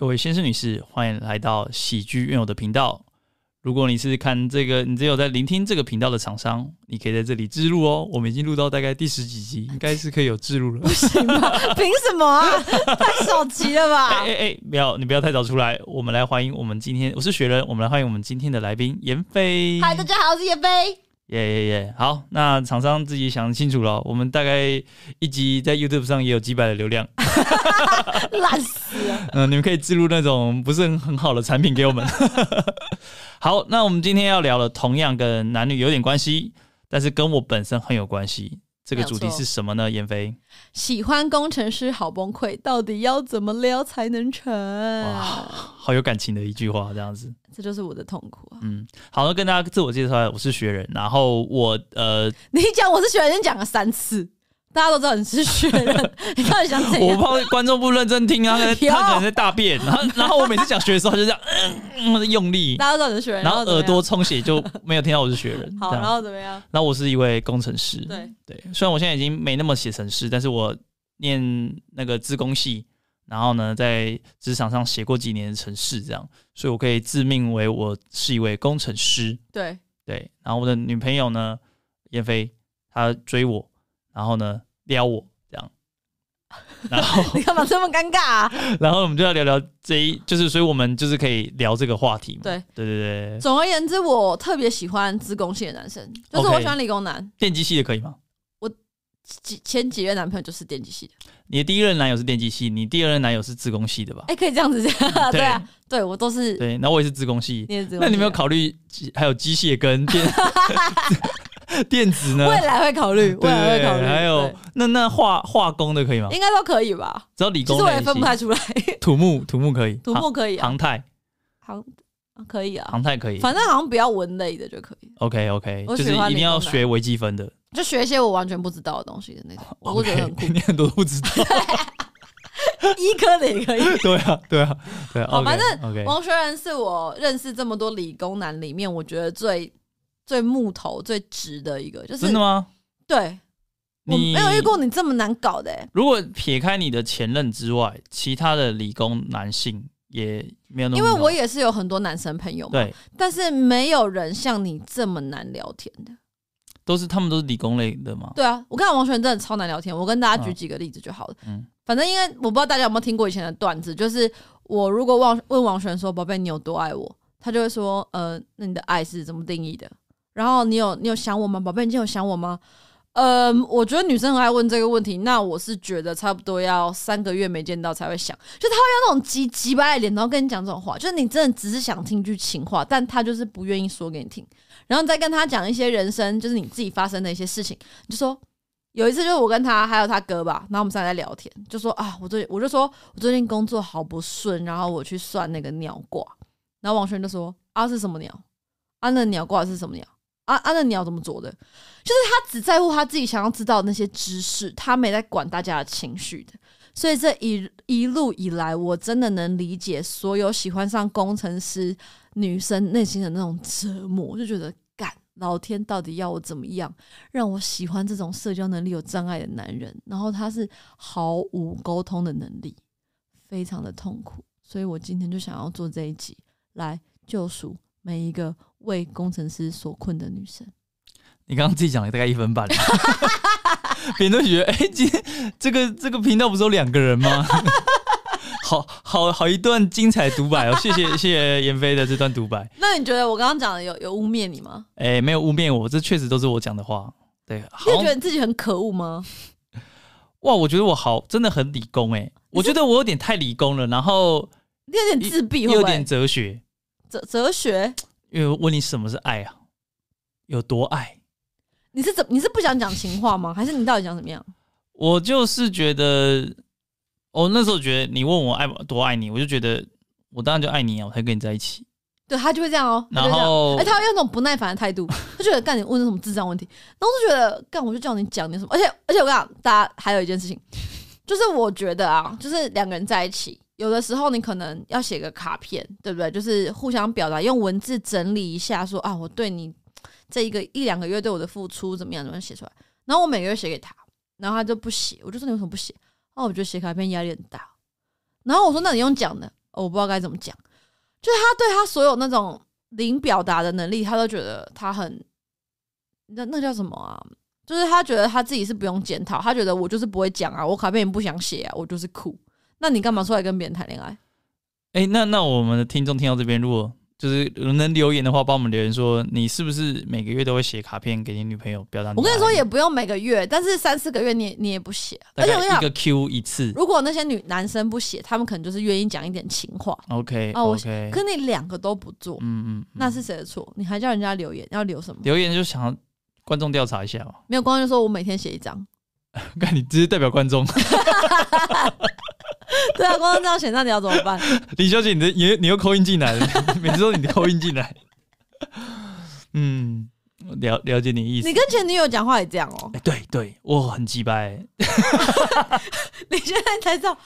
各位先生、女士，歡迎來到喜劇院友的頻道。如果你是看這個，你只有在聆聽這個頻道的廠商，你可以在這裡置入哦。我們已經錄到大概第十幾集，應該是可以有置入了。呃、 不行嗎？憑什麼啊？太少集了吧？哎哎、欸欸欸，不要你不要太早出來。我們來歡迎我們今天，我是學仁。我們來歡迎我們今天的來賓妍霏。嗨，大家好，我是妍霏。耶耶耶！Yeah, yeah, yeah. 好，那廠商自己想清楚了。我們大概一集在 YouTube 上也有幾百的流量，爛死了。嗯，你們可以置入那種不是很很好的產品給我們。 好，那我們今天要聊的，同樣跟男女有點關係，但是跟我本身很有關係。這個主題是什麼呢？妍霏，喜歡工程師好崩潰，到底要怎麼撩才能成？哇，好有感情的一句話，這樣子，這就是我的痛苦啊。嗯，好了，跟大家自我介紹一下，我是學仁，然後我呃，你講我是學仁，講了三次。大家都知道你是學仁， 你到底想怎樣？我怕觀眾不認真聽啊，他可能在大便， 有 然後然後我每次講學的時候，就這樣在、 嗯、用力。大家都知道你是學仁，然後耳朵充血就沒有聽到我是學仁。 好，樣然後怎麼樣？然後我是一位工程師。對對，雖然我現在已經沒那麼寫程式，但是我念那個資工系，然後呢，在職場上寫過幾年的程式這樣，所以我可以自命為我是一位工程師。對對，然後我的女朋友呢，妍霏，她追我。然後呢，撩我這樣，然後 你幹嘛這麼尷尬？啊？ 然後我們就要聊聊這一，就是所以我們就是可以聊這個話題嘛。對對對對。總而言之，我特別喜歡資工系的男生，就是我喜歡理工男。Okay，電機系的可以嗎？我幾前幾任男朋友就是電機系的。你的第一任男友是電機系，你第二任男友是資工系的吧？哎、欸，可以這樣子講， 對，對啊，對我都是對。那我也是資工系，你系那你有沒有考慮還有機械跟電？ 電子呢？未來會考慮，未來會考慮。還有那那化化工的可以嗎？應該都可以吧。只要理工我也分不太出來。土木土木可以，土木可以。航太航可以啊，航太可以。反正好像比較文類的就可以。OK OK，就是一定要學微積分的，就學一些我完全不知道的東西的那種，我覺得很酷。你很多都不知道。醫科的也可以。對啊對啊對啊。反正王學仁是我認識這麼多理工男裡面，我覺得最。最木頭、最直的一個，就是真的嗎？對，你我沒有遇過你這麼難搞的、欸。如果撇開你的前任之外，其他的理工男性也沒有那麼因為我也是有很多男生朋友嘛，對，但是沒有人像你這麼難聊天的。都是他們都是理工類的嗎？對啊，我看王學仁真的超難聊天。我跟大家舉幾個例子就好了。啊、嗯，反正因為我不知道大家有沒有聽過以前的段子，就是我如果問問王學仁說：“寶貝，你有多愛我？”他就會說：“呃，那你的愛是怎麼定義的？”然後你有你有想我嗎，寶貝？你今天有想我嗎？嗯，我覺得女生很愛問這個問題。那我是覺得差不多要三個月沒見到才會想，就她會用那種機機掰的臉，然後跟你講這種話，就是你真的只是想聽一句情話，但她就是不願意說給你聽。然後再跟她講一些人生，就是你自己發生的一些事情。就說有一次，就是我跟她還有她哥吧，然後我們三個在聊天，就說啊，我最近我就說我最近工作好不順，然後我去算那個鳥卦，然後王軒就說啊是什麼鳥？啊那鳥卦是什麼鳥？啊啊！那你要怎麼做的？就是他只在乎他自己想要知道的那些知識，他沒在管大家的情緒的。所以這一一路以來，我真的能理解所有喜歡上工程師女生內心的那種折磨，就覺得幹，老天到底要我怎麼樣，讓我喜歡這種社交能力有障礙的男人？然後他是毫無溝通的能力，非常的痛苦。所以我今天就想要做這一集來救贖，就每一個為工程師所困的女生，你剛剛自己講了大概一分半，別人都覺得：欸「哎，今天這個這個頻道不是有兩個人嗎？好好 好，好好一段精彩獨白哦，謝謝謝謝妍霏的這段獨白。 那你覺得我剛剛講的有有污衊你嗎？哎、欸，沒有污衊我，這確實都是我講的話。對，好，你會覺得自己很可惡嗎？哇，我覺得我好，真的很理工哎、欸，是我覺得我有點太理工了，然後你有點自閉，有點哲學。哲哲學？因為我問你什麼是愛啊，有多愛？你是怎？你是不想講情話嗎？還是你到底想怎麼樣？我就是覺得，我、哦、那時候覺得你問我愛多愛你，我就覺得我當然就愛你啊，我才跟你在一起。對，他就會這樣哦、喔，他就這樣然後哎、欸，他會用那種不耐煩的態度，就覺得幹你問什麼智障問題，然後我就覺得幹我就叫你講點什麼，而且而且我跟你講大家還有一件事情，就是我覺得啊，就是兩個人在一起。有的時候，你可能要寫個卡片，對不對？就是互相表達，用文字整理一下說，說啊，我對你這一個一兩個月對我的付出怎麼樣？怎麼樣寫出來？然後我每個月寫給他，然後他就不寫。我就說你為什麼不寫？哦，我覺得寫卡片壓力很大。然後我說那你用講的？哦，我不知道該怎麼講。就是他對他所有那種零表達的能力，他都覺得他很那那叫什麼啊？就是他覺得他自己是不用檢討，他覺得我就是不會講啊，我卡片也不想寫啊，我就是哭。那你幹嘛出來跟別人談戀愛？哎、欸，那那我們的聽眾聽到這邊，如果就是能留言的話，幫我們留言說，你是不是每個月都會寫卡片給你女朋友表達你的愛？我跟你說也不用每個月，但是三四個月你也你也不寫，大概一個 Q 一次。如果那些女男生不寫，他們可能就是願意講一點情話。OK，OK，Okay,、啊、okay. 可你兩個都不做，嗯嗯，嗯嗯，那是誰的錯？你還叫人家留言要留什麼？留言就想要觀眾調查一下嘛、喔。沒有觀眾就說我每天寫一張，那 你只是代表觀眾。 對啊，光這樣選，那你要怎麼辦？李小姐，你的你你又扣音進來了， 每次都你的扣音進來。嗯，我了了解你的意思。你跟前女友講話也這樣哦？欸、對對，我很雞掰、欸。 你現在才知道，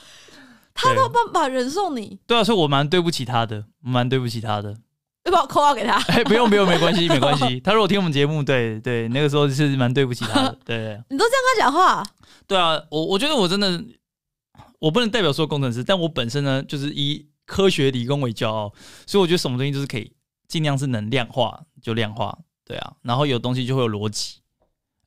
他都有辦法忍受你。對。對啊，所以我蠻對不起他的，我蠻對不起他的。要不要扣號給他？哎、欸，不用不用，沒關係沒關係。 他如果聽我們節目，對對，那個時候是蠻對不起他的。 對，對你都這樣跟他講話？對啊，我我覺得我真的。我不能代表所有工程師，但我本身呢，就是以科學理工為驕傲，所以我覺得什麼東西就是可以盡量是能量化就量化，對啊，然後有東西就會有邏輯，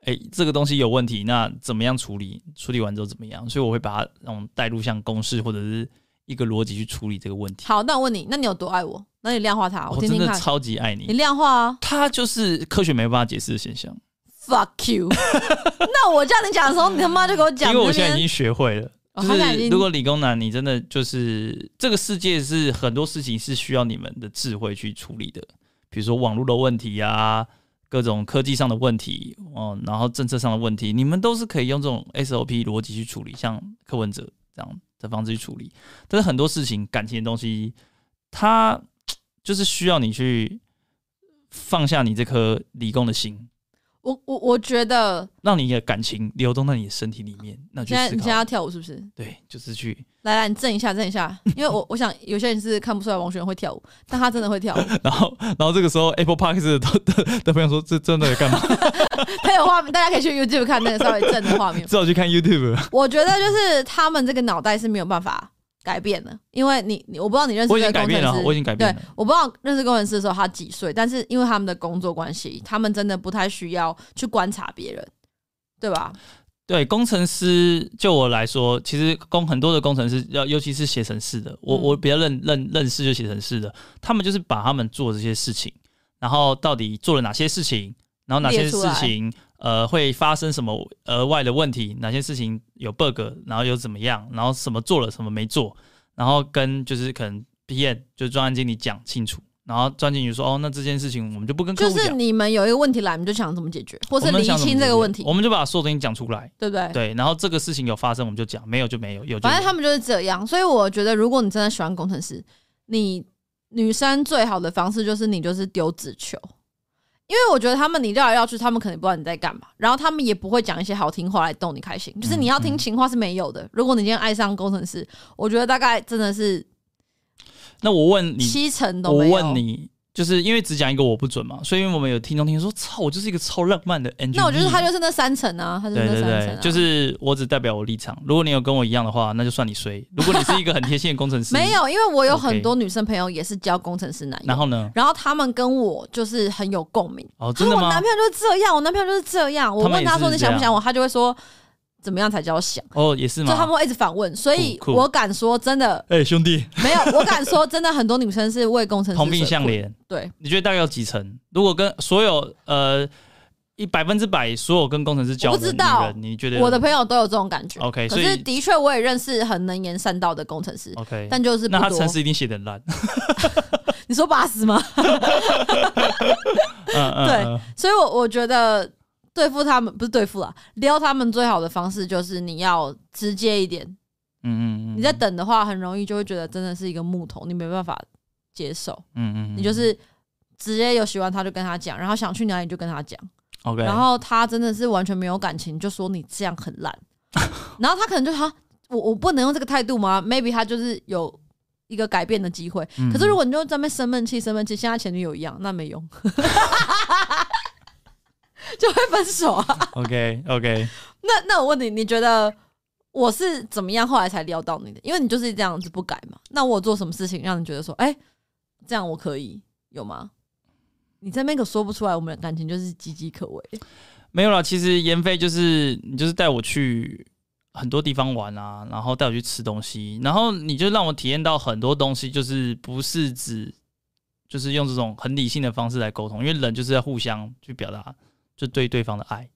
哎、欸，這個東西有問題，那怎麼樣處理？處理完之後怎麼樣？所以我會把它那種帶入像公式或者是一個邏輯去處理這個問題。好，那我問你，那你有多愛我？那你量化它，我，聽聽看你。我真的超級愛你。你量化啊，它就是科學沒辦法解釋的現象。Fuck you！那我叫你講的時候，你他媽就給我講，因為我現在已經學會了。就是，如果理工男，你真的就是這個世界是很多事情是需要你們的智慧去處理的，比如說網絡的問題啊，各種科技上的問題，哦，然後政策上的問題，你們都是可以用這種 SOP 邏輯去處理，像柯文哲這樣的方式去處理。但是很多事情感情的東西，它就是需要你去放下你這顆理工的心。我我我覺得讓你的感情流動到你的身體裡面，那現在你現在要跳舞是不是？對，就是去來來，你震一下，震一下，因為我我想有些人是看不出來王學仁會跳舞， 但他真的會跳舞。然後然後這個時候 Apple Parks 的都的的朋友說這，這真的幹嘛？ 他有畫面， 大家可以去 YouTube 看那個稍微震的畫面。最 好去看 YouTube。 我覺得就是他們這個腦袋是沒有辦法。改變了，因為你，你，我不知道你認識。我已經改變了，我已經改變了。變對，我不知道認識工程師的時候他幾歲，但是因為他們的工作關係，他們真的不太需要去觀察別人，對吧？對，工程師就我來說，其實工很多的工程師，要尤其是寫程式的，我、嗯、我比較認認認識就寫程式的，他們就是把他們做這些事情，然後到底做了哪些事情，然後哪些事情，呃，會發生什麼額外的問題？哪些事情有 bug，然後又怎麼樣？然後什麼做了，什麼沒做？然後跟就是可能 PM，就是專案經理講清楚，然後專案經理說：“哦，那這件事情我們就不跟講。”就是你們有一個問題來，我們就想怎麼解決，或是釐清這個問題，我們就把所有東西講出來，對不對？對。然後這個事情有發生，我們就講；沒有就沒有。有，有反正他們就是這樣，所以我覺得，如果你真的喜歡工程師，你女生最好的方式就是你就是丟紙球。因為我覺得他們，你繞來繞去，他們可能不知道你在幹嘛，然後他們也不會講一些好聽話來逗你開心，就是你要聽情話是沒有的。如果你今天愛上工程師，我覺得大概真的是，那我問你，七成都沒有，我問你。我問你就是因為只講一個我不準嘛，所以我們有聽眾聽說，操，我就是一個超浪漫的 engineer 那我覺得他就是那三層啊，他就是對對對那三層啊。就是我只代表我立場，如果你有跟我一樣的話，那就算你衰。如果你是一個很貼心的工程師， 沒有，因為我有很多女生朋友也是交工程師男友。然後呢？然後他們跟我就是很有共鳴。哦，真的嗎？我男朋友就是這樣，我男朋友就是這樣。這樣我問他說你想不想我，他就會說。怎麼樣才叫想？哦，也是嗎？就他們會一直反問，所以我敢說真的，哎、欸，兄弟， 沒有，我敢說真的，很多女生是為工程師同病相憐。對，你覺得大概有幾成？如果跟所有呃一百分之百所有跟工程師交往的女人，知道你覺得我的朋友都有這種感覺？OK，所以可是的確我也認識很能言善,善道的工程師。OK，但就是不那他程式一定寫得爛， 你說八十嗎？ 嗯嗯、對，所以我我覺得。對付他們不是對付啦，撩他們最好的方式就是你要直接一點。嗯，嗯嗯，你在等的話，很容易就會覺得真的是一個木頭，你沒辦法接受。嗯，嗯嗯，你就是直接有喜歡他，就跟他講，然後想去哪裡就跟他講。OK，然後他真的是完全沒有感情，就說你這樣很爛。 然後他可能就說：“我我不能用這個態度嗎？”Maybe 他就是有一個改變的機會。嗯嗯，可是如果你就在那邊生悶氣，生悶氣，像他前女友一樣，那沒用。 就會分手啊。OK OK。 那那我問你，你覺得我是怎麼樣後來才撩到你的？因為你就是這樣子不改嘛。那我做什麼事情讓你覺得說，哎、欸，這樣我可以有嗎？你在那邊可說不出來，我們的感情就是岌岌可危。沒有啦，其實妍霏就是你，就是帶我去很多地方玩啊，然後帶我去吃東西，然後你就讓我體驗到很多東西，就是不是指就是用這種很理性的方式來溝通，因為人就是要互相去表達。就對對方的愛，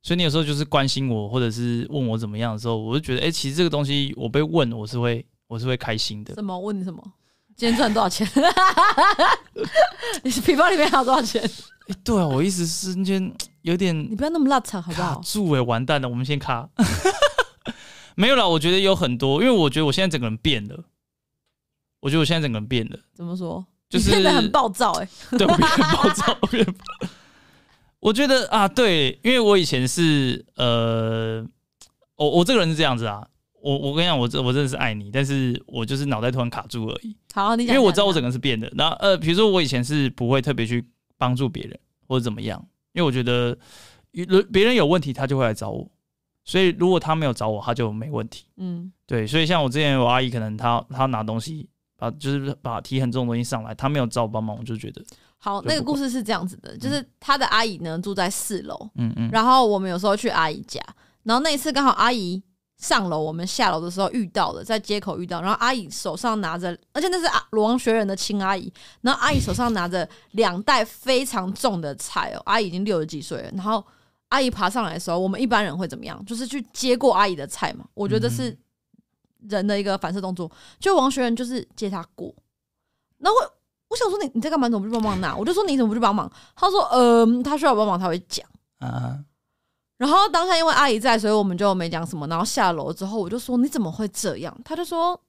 所以你有時候就是關心我，或者是問我怎麼樣的時候，我就覺得，哎、欸，其實這個東西，我被問，我是會，我是會開心的。什麼？問你什麼？今天賺多少錢？ 你是皮包裡面還有多少錢？哎、欸，對啊，我意思是今天有點，你不要那麼辣扯好不好？住哎、欸，完蛋了，我們先卡。 沒有啦，我覺得有很多，因為我覺得我現在整個人變了，我覺得我現在整個人變了。怎麼說？就是變得很暴躁，哎、欸，對，變暴躁，暴。 我覺得啊，對，因為我以前是呃，我我這個人是這樣子啊，我我跟你講，我我真的是愛你，但是我就是腦袋突然卡住而已。好，你講，因為我知道我整個人是變的。那呃，比如說我以前是不會特別去幫助別人或者怎麼樣，因為我覺得人，別人有問題，他就會來找我，所以如果他沒有找我，他就沒問題。嗯，對，所以像我之前有阿姨，可能她她拿東西，把就是把提很重的東西上來，她沒有找我幫忙，我就覺得。好，那個故事是這樣子的，就是他的阿姨呢、嗯、住在四樓，嗯嗯，然後我們有時候去阿姨家，然後那一次剛好阿姨上樓，我們下樓的時候遇到了，在街口遇到，然後阿姨手上拿着，而且那是阿、啊、羅王學仁的親阿姨，然後阿姨手上拿着兩袋非常重的菜哦，阿、 啊、姨已經六十幾歲了，然後阿姨爬上來的時候，我們一般人會怎麼樣？就是去接過阿姨的菜嘛？我覺得是人的一個反射動作，就王學仁就是接他過，那我我想說你你在幹嘛？怎麼不去幫忙呢？我就說你怎麼不去幫忙？他說嗯、呃，他需要我幫忙他會講。啊、然後當下因為阿姨在，所以我們就沒講什麼。然後下樓之後，我就說你怎麼會這樣？他就說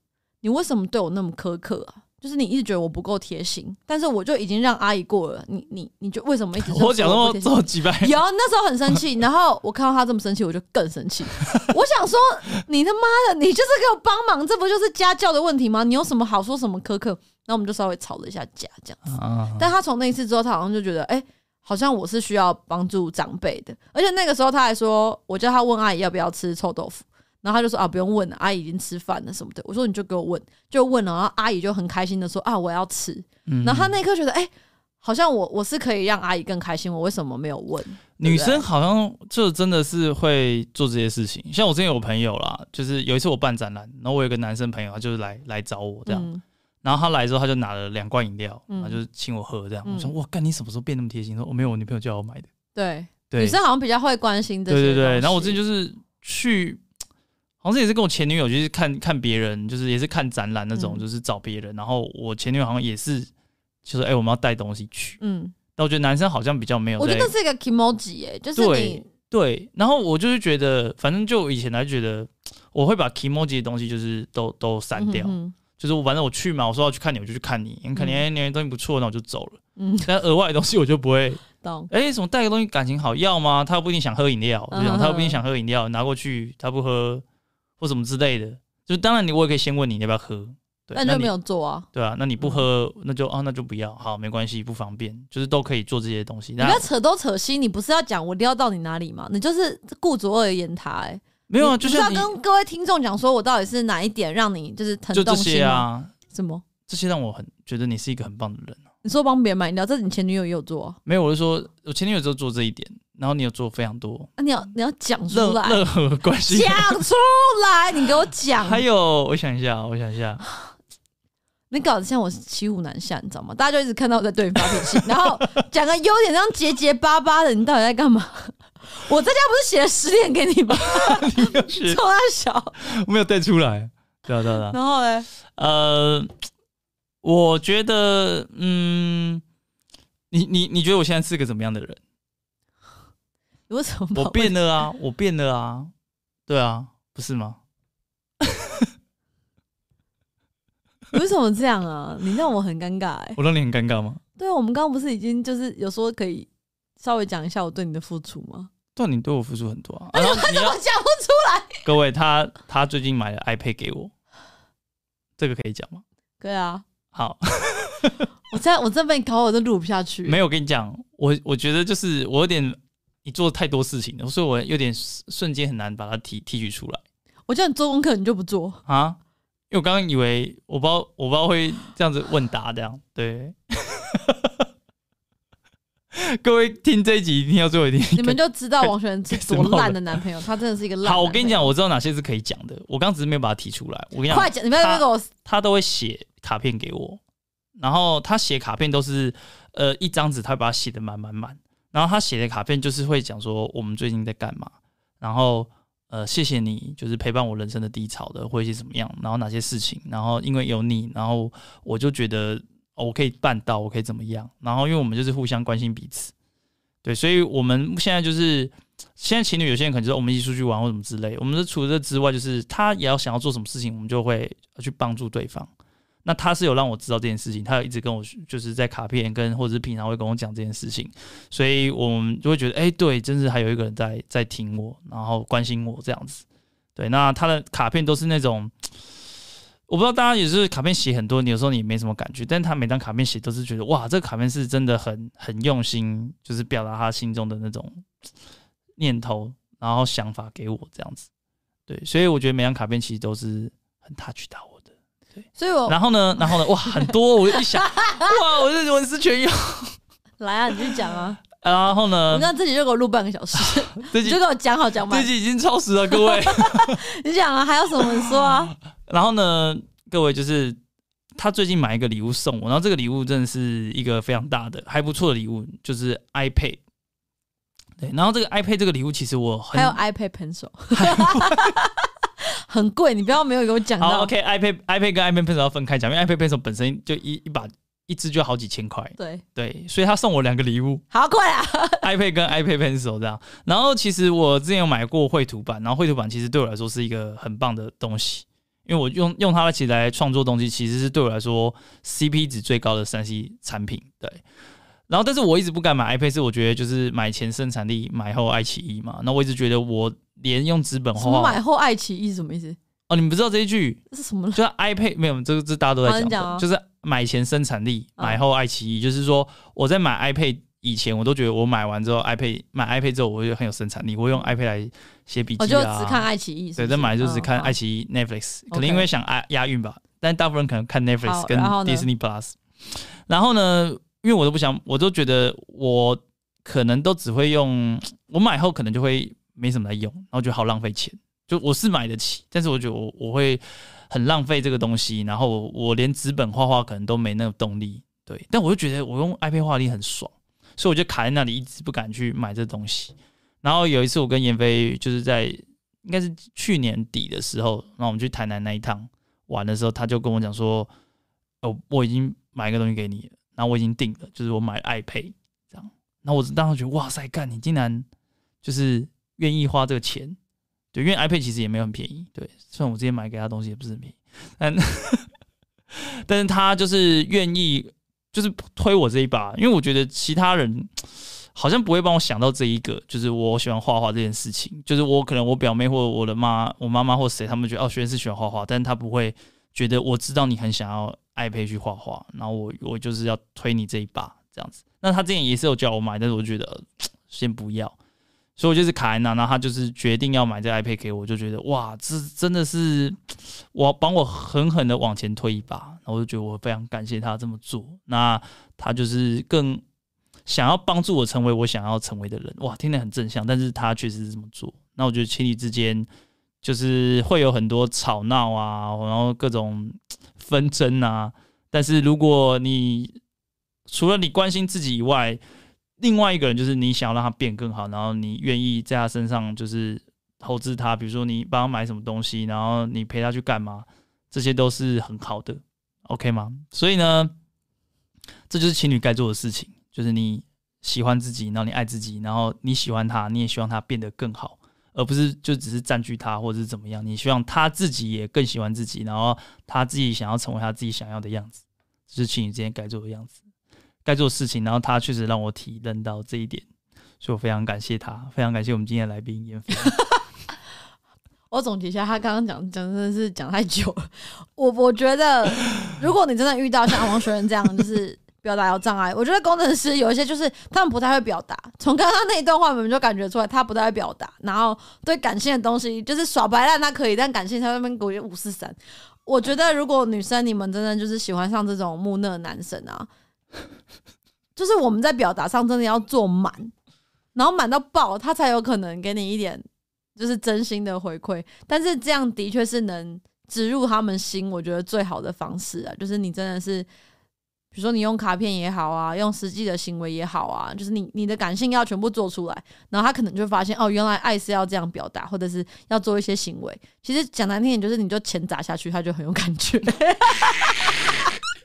你為什麼對我那麼苛刻啊？就是你一直覺得我不夠貼心，但是我就已經讓阿姨過了。你你你就為什麼一直說我，我講那麼這麼幾百？有那時候很生氣，然後我看到他這麼生氣，我就更生氣。 我想說你他媽的，你就是給我幫忙，這不就是家教的問題嗎？你有什麼好說什麼苛刻？那我們就稍微吵了一下架，這樣子。但他從那一次之後，他好像就覺得，哎，好像我是需要幫助長輩的。而且那個時候他還說，我叫他問阿姨要不要吃臭豆腐，然後他就說啊，不用問了，阿姨已經吃飯了什麼的。我說你就給我問，就問了，然後阿姨就很開心的說啊，我要吃。然後他那一刻覺得，哎，好像我我是可以讓阿姨更開心，我為什麼沒有問？女生好像就真的是會做這些事情。像我之前有朋友啦，就是有一次我辦展覽，然後我有一個男生朋友，他就是來來找我這樣。嗯然後他來之後，他就拿了兩罐飲料，嗯、然後就請我喝這樣。嗯、我說：“哇，幹你什麼時候變那麼貼心？”說：“我沒有，我女朋友叫我買的。”對，對女生好像比較會關心這。對對對。然後我自己就是去，好像是也是跟我前女友，就是看看別人，就是也是看展覽那種，嗯、就是找別人。然後我前女友好像也是，就是哎、欸，我們要帶東西去。”嗯，但我覺得男生好像比較沒有。我覺得這是一個 kimoji，哎、欸，就是對對。然後我就是覺得，反正就以前來覺得，我會把 kimoji 的東西就是都都刪掉。嗯哼哼就是我反正我去嘛，我說要去看你，我就去看你。看你肯定，嗯欸，你東西不錯，那我就走了。嗯，那額外的東西我就不會。懂。哎、欸，什麼帶個東西感情好要嗎？他，又不嗯、哼他不一定想喝飲料，對就他不一定想喝飲料，拿過去他不喝或什麼之類的。就是當然你我也可以先問你，你要不要喝。那你沒有做啊？對啊，那你不喝那就啊，那就不要好，沒關係，不方便，就是都可以做這些東西。你要扯都扯西，我你不是要講我撩到你哪裡嗎？你就是顧左右而言他，哎、欸。沒有啊，就是要跟各位聽眾講說，我到底是哪一點讓你就是疼痛心？就這些啊？什麼？這些讓我很覺得你是一個很棒的人。你說幫別人買，你知道，這你前女友也有做啊？沒有，我就說我前女友就做這一點，然後你有做非常多。啊，你要你要講出來，任何關係。講出來，你給我講。還有，我想一下，我想一下，你搞得像我是騎虎難下，你知道嗎？大家就一直看到我在對你發脾氣， 然後講個優點，這樣結結巴巴的，你到底在幹嘛？我在家不是寫了十點給你嗎？從 小我沒有帶出來，對啊對啊。對啊然後嘞，呃，我覺得，嗯，你你你覺得我現在是個怎麼樣的人？你為什麼我變，啊、 我變了啊？我變了啊！對啊，不是嗎？ 為什麼這樣啊？你讓我很尷尬哎、欸！我讓你很尷尬嗎？對啊，我們剛剛不是已經就是有說可以。稍微講一下我對你的付出嗎？對，你對我付出很多啊，他怎麼講不出來。啊，各位，他他最近買了 iPad 給我，這個可以講嗎？可以啊。好 我，我在我被你搞，我都錄不下去。沒有跟你講，我我覺得就是我有點你做太多事情了，所以我有點瞬間很難把它提提取出來。我叫你做功課，你就不做啊？因為我剛剛以為我不知道我不知道會這樣子問答這樣對。各位聽這一集一定要最後一點，你們就知道王學仁是多爛的男朋友，他真的是一個爛。好，我跟你講，我知道哪些是可以講的，我剛只是沒有把它提出來。我跟你講，快講對，他你們有沒有給我他。他都會寫卡片給我，然後他寫卡片都是呃一張紙，他會把它寫的滿滿滿，然後他寫的卡片就是會講說我們最近在幹嘛，然後呃謝謝你，就是陪伴我人生的低潮的，或者一些怎麼樣，然後哪些事情，然後因為有你，然後我就覺得。我可以辦到，我可以怎麼樣？然後，因為我們就是互相關心彼此，對，所以我們現在就是現在情侶，有些人可能說我們一起出去玩或什麼之類。我們除了這之外，就是他也要想要做什麼事情，我們就會去幫助對方。那他是有讓我知道這件事情，他有一直跟我就是在卡片跟或者是平常會跟我講這件事情，所以我們就會覺得，誒，對，真是還有一個人在在聽我，然後關心我這樣子。對，那他的卡片都是那種。我不知道大家也是卡片寫很多，你有時候你也沒什麼感覺，但他每張卡片寫都是覺得哇，這個卡片是真的很很用心，就是表達他心中的那種念頭，然後想法給我這樣子，對，所以我覺得每張卡片其實都是很 touch 到我的，對，所以我然後呢，然後呢，哇， 很多，我一想，哇，我是文思泉湧。來啊，你去講啊，然後呢，你剛自己就給我錄半個小時， 自己就給我講好講滿，自己已經超時了，各位， 你講啊，還有什麼說啊？然後呢，各位就是他最近買一個禮物送我，然後這個禮物真的是一個非常大的、還不錯的禮物，就是 iPad。對，然後這個 iPad 這個禮物其實我很還有 iPad Pen 哈，快 很貴，你不要沒有給我講到。OK，iPad、okay, iPad 跟 iPad Pen 手要分開講，因為 iPad Pen 手本身就一一把一支就要好幾千塊。對對，所以他送我兩個禮物，好貴快啊 ！iPad 跟 iPad Pen 手這樣。然後其實我之前有買過繪圖板，然後繪圖板其實對我來說是一個很棒的東西。因為我用用它其實來來創作東西，其實是對我來說 CP 值最高的三 C 產品。對，然後但是我一直不敢買 iPad，是我覺得就是買前生產力，買後愛奇藝嘛。那我一直覺得我連用資本什麼買後愛奇藝是什麼意思？哦，你們不知道這一句是什麼？就是 iPad 沒有這個，這大家都在講，就是買前生產力，買後愛奇藝，就是說我在買 iPad。以前我都覺得我買完之後，iPad 買 iPad 之後，我就很有生產力，我用 iPad 來寫筆記啊。我、哦、就只看愛奇藝，是不是？對，再買就只看愛奇藝 Net、哦、Netflix。可能因為想押押韻吧，Okay 但大部分人可能看 Netflix 跟 Disney Plus。然後，然後呢，因為我都不想，我都覺得我可能都只會用，我買後可能就會沒什麼來用，然後覺得好浪費錢。就我是買得起，但是我覺得我我會很浪費這個東西。然後我我連紙本畫畫可能都沒那個動力。對，但我就覺得我用 iPad 畫力很爽。所以我就卡在那裡，一直不敢去買這東西。然後有一次，我跟妍霏就是在應該是去年底的時候，然後我們去台南那一趟玩的時候，他就跟我講說：“哦，我已經買一個東西給你了，然後我已經訂了，就是我買 iPad 這樣。”然後我當時覺得：“哇塞，幹你竟然就是願意花這個錢？對，因為 iPad 其實也沒有很便宜。對，雖然我之前買給他東西也不是很便宜，但 但是他就是願意。”就是推我這一把，因為我覺得其他人好像不會幫我想到這一個，就是我喜歡畫畫這件事情。就是我可能我表妹或者我的媽、我媽媽或誰，他們覺得哦，學仁是喜歡畫畫，但是他不會覺得我知道你很想要 iPad 去畫畫。然後我我就是要推你這一把這樣子。那他之前也是有叫我買，但是我覺得先不要。所以我就是卡安娜，然後他就是決定要買這 iPad 給我，我就覺得哇，這真的是我幫我狠狠的往前推一把，然後我就覺得我非常感謝他這麼做。那他就是更想要幫助我成為我想要成為的人，哇，聽得很正向。但是他確實是這麼做。那我覺得情侶之間就是會有很多吵鬧啊，然後各種紛爭啊。但是如果你除了你關心自己以外，另外一個人就是你，想要讓他變更好，然後你願意在他身上就是投資他，比如說你幫他買什麼東西，然後你陪他去幹嘛，這些都是很好的，OK 嗎？所以呢，這就是情侶該做的事情，就是你喜歡自己，然後你愛自己，然後你喜歡他，你也希望他變得更好，而不是就只是占據他或者是怎麼樣，你希望他自己也更喜歡自己，然後他自己想要成為他自己想要的樣子，這是情侶之間該做的樣子。在做事情，然後他確實讓我體認到這一點，所以我非常感謝他，非常感謝我們今天的來賓妍霏。 我總結一下，他剛剛講講真的是講太久了。我我覺得，如果你真的遇到像王學仁這樣，就是表達有障礙， 我覺得工程師有一些就是他們不太會表達。從剛剛那一段話，我們就感覺出來他不太會表達，然後對感性的東西就是耍白爛，他可以，但感性他那邊給我五四三，我覺得，如果女生你們真的就是喜歡上這種木訥男生啊。 就是我們在表達上真的要做滿，然後滿到爆，他才有可能給你一點就是真心的回饋。但是這樣的確是能植入他們心。我覺得最好的方式啊，就是你真的是，比如說你用卡片也好啊，用實際的行為也好啊，就是你你的感性要全部做出來，然後他可能就發現哦，原來愛是要這樣表達，或者是要做一些行為。其實講難聽點，就是你就錢砸下去，他就很有感覺。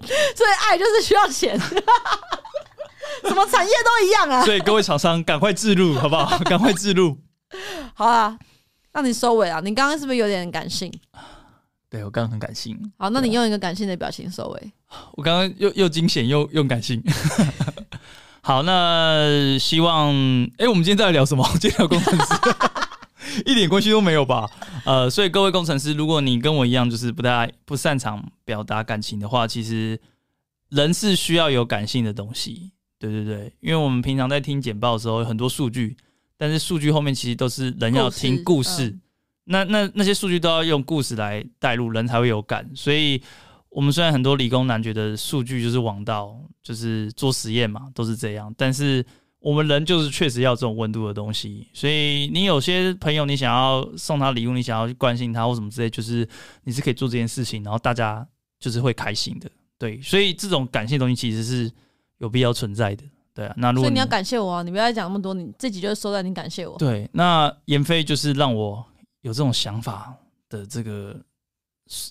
所以愛就是需要錢， 什麼產業都一樣啊！所以各位廠商趕快置入好不好？趕快置入 好啊！那你收尾啊？你剛剛是不是有點感性？對我剛剛很感性。好，那你用一個感性的表情收尾。啊、我剛剛又又驚險又用感性。 好，那希望哎、欸，我們今天在聊什麼？今天聊工程師。 一點關係都沒有吧？呃，所以各位工程師，如果你跟我一樣，就是不太不擅長表達感情的話，其實人是需要有感性的東西，對對對。因為我們平常在聽簡報的時候，有很多數據，但是數據後面其實都是人要聽故事，那那那些數據都要用故事來帶入，人才會有感。所以，我們雖然很多理工男覺得數據就是王道，就是做實驗嘛，都是這樣，但是。我們人就是確實要這種溫度的東西，所以你有些朋友，你想要送他禮物，你想要去關心他或什麼之類，就是你是可以做這件事情，然後大家就是會開心的，對。所以這種感謝東西其實是有必要存在的，對啊。那如果你，你要感謝我啊，你不要再講那麼多，你自己就收到你感謝我。對，那妍霏就是讓我有這種想法的這個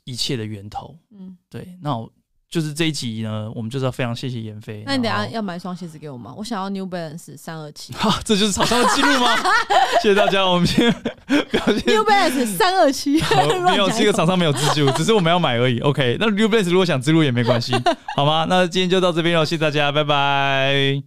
一切的源頭，嗯，對。那我。就是這一集呢，我們就是要非常謝謝妍霏。那你等一下要買雙鞋子給我嗎？我想要 New Balance 三二七。好、啊，這就是廠商的記錄嗎？ 謝謝大家，我們先。New Balance 三二七。沒有， 這個廠商沒有資助， 只是我們要買而已。OK，那 New Balance 如果想資助也沒關係，好嗎？那今天就到這邊嘍，謝謝大家，拜拜。